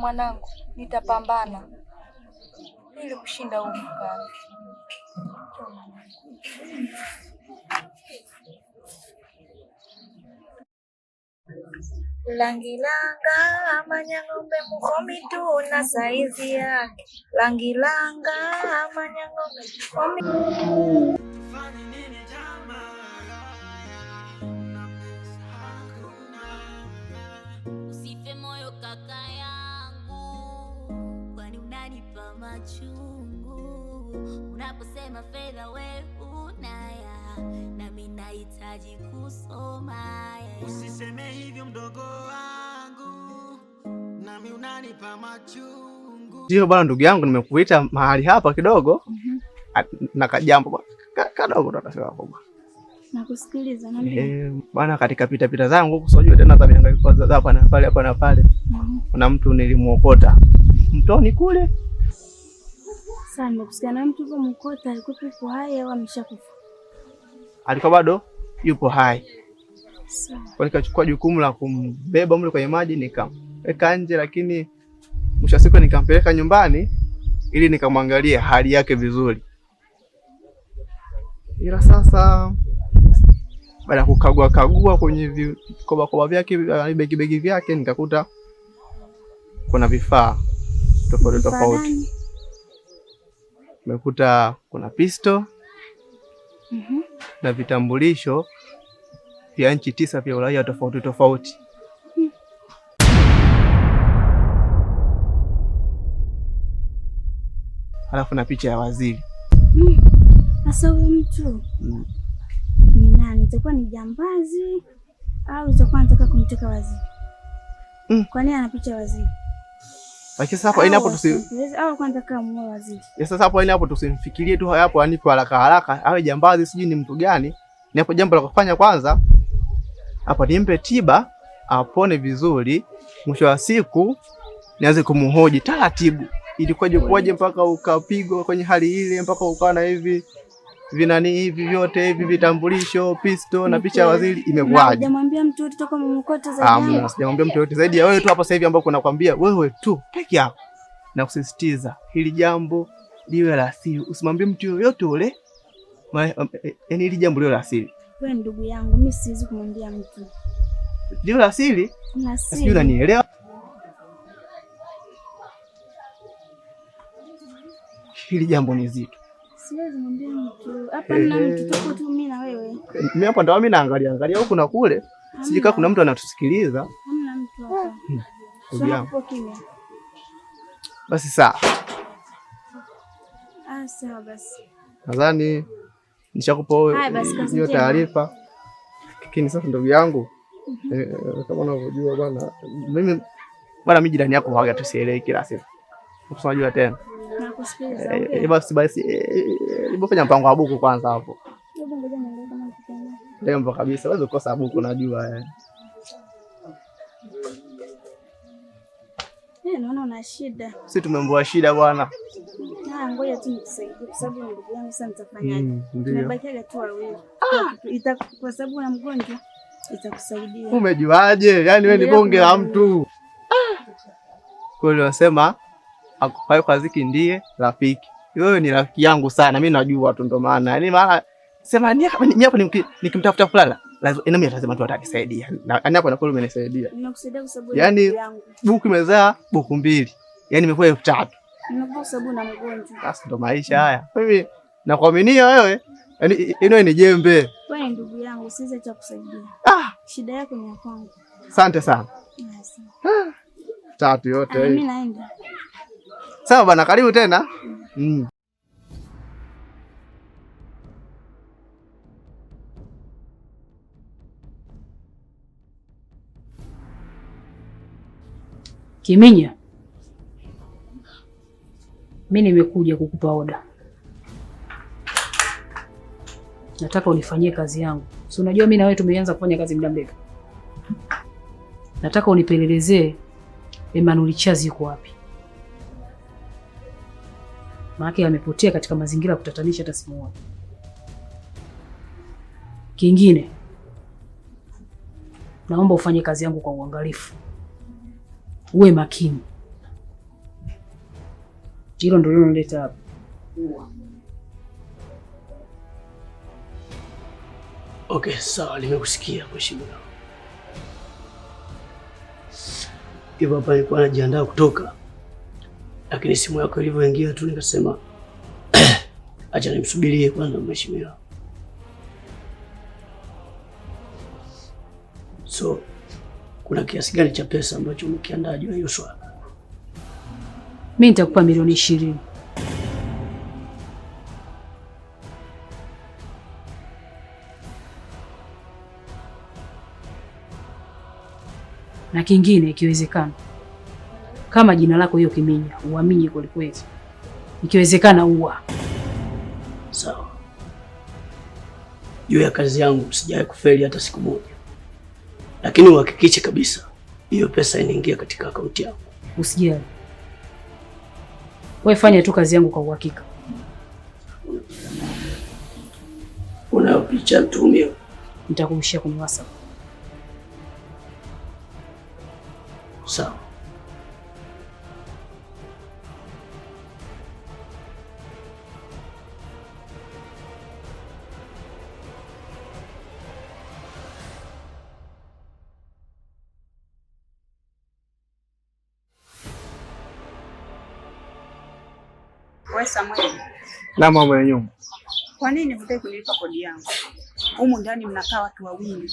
mwanangu, nitapambana ili kushinda huu mkali. Langilanga amanyang'ombe muko na saizi yake langilanga amanyang'ombe machungu. Unaposema fedha we unaya, nami nahitaji kusoma. Usiseme hivyo mdogo wangu, nami unanipa machungu. Ndio bwana, ndugu yangu, nimekuita mahali hapa kidogo mhm. na kajambo kadogo tunasema kwa Nakusikiliza nami. Eh, bwana katika pita pita zangu huko tena za mihangaiko za hapa na pale hapa na pale. Mhm. Kuna mtu nilimuokota. Mtoni kule mtu Mkota, alikuwa yupo hai au ameshakufa? Alikuwa bado yupo hai. Kwa nikachukua jukumu la kumbeba mle kwenye maji nikamweka nje, lakini mwisho wa siku nikampeleka nyumbani ili nikamwangalia hali yake vizuri, ila sasa baada ya kukagua kagua kwenye vikobakoba vyake begibegi vyake nikakuta kuna vifaa tofauti tofauti umekuta kuna pisto mm -hmm. na vitambulisho vya nchi tisa vya Ulaya tofauti tofauti. halafu Alafu na picha ya waziri. mm. Asa huyo mtu mm. ni nani? Itakuwa ni jambazi au itakuwa anataka kumteka waziri? Mm. Kwa nini ana picha ya waziri? Lakini sasa hapo hapo tusi sasa hapo hapo tusimfikirie tu hapo anipe haraka haraka awe jambazi sijui ni mtu gani. Ni hapo jambo la kufanya kwanza hapo nimpe tiba apone vizuri, mwisho wa siku nianze kumhoji taratibu, ilikuwaje kwaje mpaka ukapigwa kwenye hali ile mpaka ukawa na hivi vinani hivi vyote hivi vitambulisho, pisto na picha ya waziri, imekuwaje? Sijamwambia mtu yote toka zaidi. sijamwambia ah, mtu yote zaidi ya wewe tu hapo sasa hivi ambao nakwambia wewe tu peke yako. Na kusisitiza hili jambo liwe la siri, usimwambie mtu yoyote ule. Yaani hili jambo liwe la siri. Wewe ndugu yangu, mimi siwezi kumwambia mtu. Liwe la siri? Na siri. Sijui unanielewa? Hili jambo ni zito siwezi mwambia mtu hapa, nina eh, mtu tuko tu mimi na wewe. Mimi hapa ndo mimi naangalia angalia huko na kule, Sijui kama kuna mtu anatusikiliza. Hamna mtu hapa. Hmm. Sasa uko kimya. Basi sawa. Ah, sawa basi. Nadhani nishakupa hiyo taarifa kikini. Sasa ndugu yangu, mhm. eh, eh, kama unavyojua bwana, mimi bwana, mimi jirani yako waga, tusielewe kila siku, usijua tena Eh, eh, basi basi, hebu eh, mpango wa buku kwanza hapo. Lembo kabisa, wezi kukosa buku, najua naona una shida. Si tumemboa shida bwana. Ngoja tu nikusaidie kwa sababu ndugu yangu sasa nitafanyaje? Mm, Tumebakiaga tu wawili. Ah! Kwa sababu na mgonjwa itakusaidia. Umejuaje? Yaani wewe ni bonge la mtu. Ah! Kweli wasema kwa Ziki ndiye rafiki. Wewe ni rafiki yangu sana, mimi najua tu, ndo maana yaani, maana sema ni hapa ni hapa nikimtafuta fulana lazima ina yaani mimi lazima tu atanisaidia, yaani hapo nakweli umenisaidia. Ninakusaidia kwa sababu yaani buku imezaa buku mbili, yaani imekuwa elfu tatu. Ninakupa sababu na mgonjwa. Sasa ndo maisha haya, mimi nakuaminia wewe, yaani ino ni jembe. Wewe ndugu yangu, usize cha kusaidia. Ah, shida yako ni ya kwangu. Asante sana. Asante. Ah! Tatu yote Mimi naenda. Sawa bwana, karibu tena mm. Kiminya, mi nimekuja kukupa oda, nataka unifanyie kazi yangu. Si unajua mi na wewe tumeanza kufanya kazi muda mrefu. Nataka unipelelezee Emmanuel Chazi yuko wapi? maana amepotea katika mazingira ya kutatanisha hata siku moja. Kingine, naomba ufanye kazi yangu kwa uangalifu, uwe makini. Hilo ndio linaleta hapa. Okay, sawa, nimekusikia mheshimiwa. Hivyo hapa nilikuwa najiandaa kutoka lakini simu yako ilivyoingia tu nikasema acha nimsubirie kwanza mheshimiwa. So kuna kiasi gani cha pesa ambacho mkiandaa juu ya hiyo swala? Mimi nitakupa milioni ishirini. Na kingine ikiwezekana kama jina lako hiyo Kimenya, uamini kwelikweli kweli, ikiwezekana uwa sawa. Juu ya kazi yangu sijawahi kufeli hata siku moja, lakini uhakikishe kabisa hiyo pesa inaingia katika akaunti yangu. Usijali, wewe fanya tu kazi yangu kwa uhakika. Una picha nitumie? Nitakurushia kwenye WhatsApp. Sawa. Wewe Samuel. Na mambo ya nyumba. Kwa nini hutaki kunilipa kodi yangu? Humu ndani mnakaa watu wawili.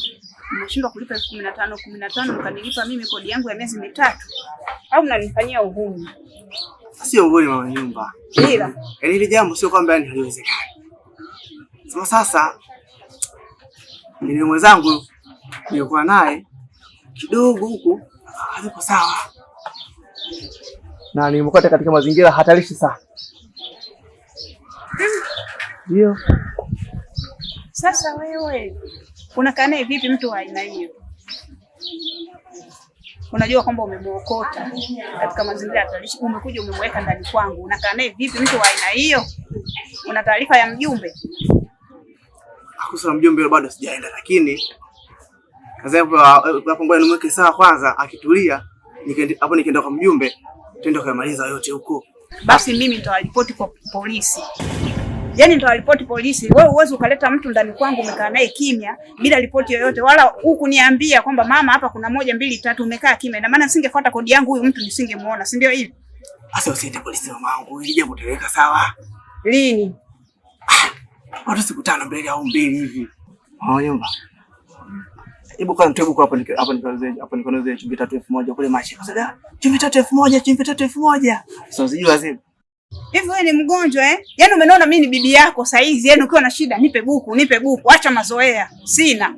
Mnashindwa kulipa elfu kumi na tano kumi na tano mkanilipa mimi kodi yangu ya miezi mitatu. Au mnanifanyia uhuni? Sio uhuni mama nyumba. Ila yaani hili jambo sio kwamba yani haliwezekani. Sasa sasa mimi mwenzangu nilikuwa naye kidogo huko hazipo sawa. Na nimekuta katika mazingira hatarishi sana. Ndio. Sasa wewe unakaa naye vipi mtu wa aina hiyo? Unajua kwamba umemuokota katika mazingira hatarishi, umekuja umemweka ndani kwangu, unakaa naye vipi mtu wa aina hiyo? Una taarifa ya mjumbe? Kusa mjumbe bado sijaenda, lakini hapo ngoja nimweke sawa kwanza, akitulia hapo, nikienda kwa mjumbe tuende kuyamaliza yote huko basi mimi nitawaripoti kwa polisi. Yaani nitawaripoti polisi. Wewe uweze ukaleta mtu ndani kwangu umekaa naye kimya bila ripoti yoyote, wala huku niambia kwamba mama, hapa kuna moja mbili tatu, umekaa kimya. Na maana singefuata kodi yangu, huyu mtu nisingemuona, si ndio? Hivi sasa usiende polisi, wangu, ili jambo tuweka sawa. Lini? Ah, watu siku tano mbele au mbili hivi. Oh, yumba. Hebu kwa mtu huko hapo hapo nikaweze hapo nikoneze chumvi tatu elfu moja kule machi. kasa da, chumvi tatu elfu moja, chumvi tatu elfu moja. Sasa unajua zile. Hivi wewe ni mgonjwa eh? Yaani umeona mimi ni bibi yako saizi, yaani ukiwa na shida nipe buku, nipe buku, acha mazoea. Sina.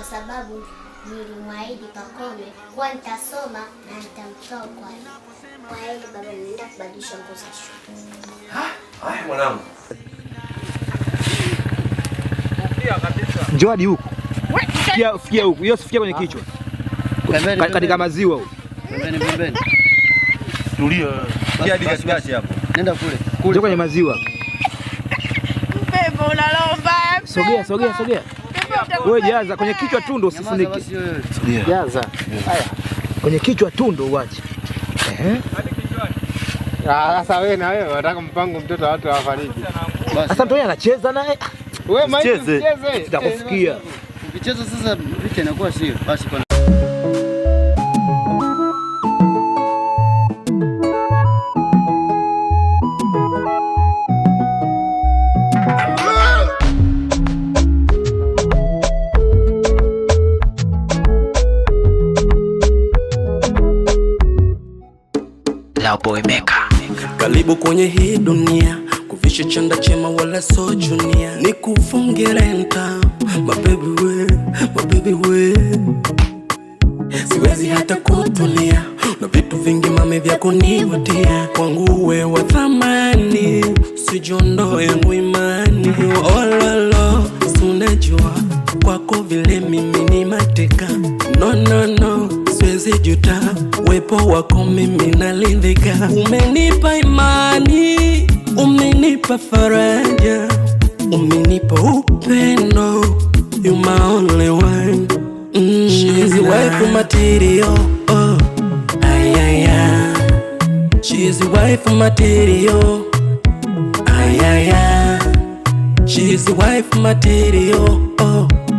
kwa sababu nilimwahidi Pakome kuwa nitasoma na nitamtoa kwa Kwa hiyo baba, nenda kubadilisha nguo za shule. Haya mwanangu, Joadi huku fikia huku, hiyo sifikia kwenye ah. kichwa katika maziwa huko. Tulia. Hadi katikati hapo. Nenda kule. Kule kwenye maziwa. Mpepo unalomba. Sogea, sogea, sogea. Wewe jaza kwenye kichwa tundo usifunike. Jaza haya kwenye kichwa tundo uache Eh? Ah, sasa. Wewe na wewe unataka mpango mtoto wa watu awafariki. Sasa ndio anacheza naye, wewe mimi mcheze, sitakusikia ukicheza sasa, picha inakuwa sio basi. kwa Boymeka. Karibu kwenye hii dunia, kuvisha chanda chema wala so junior. Nikufunge renta, baby we, baby we. Siwezi hata kutulia na vitu vingi mame vya kunivutia, kwangu we wa thamani, sijondoe mwimani ololo, oh, sunajua kwako vile mimi ni mateka no, no, no siwezi juta, wepo wako mimi nalindika Umenipa imani, umenipa faraja, umenipa upendo, you my only one. Mm, she's wife material Ay, ay, ay. She's the wife material ay, ay, ay. She's wife material oh.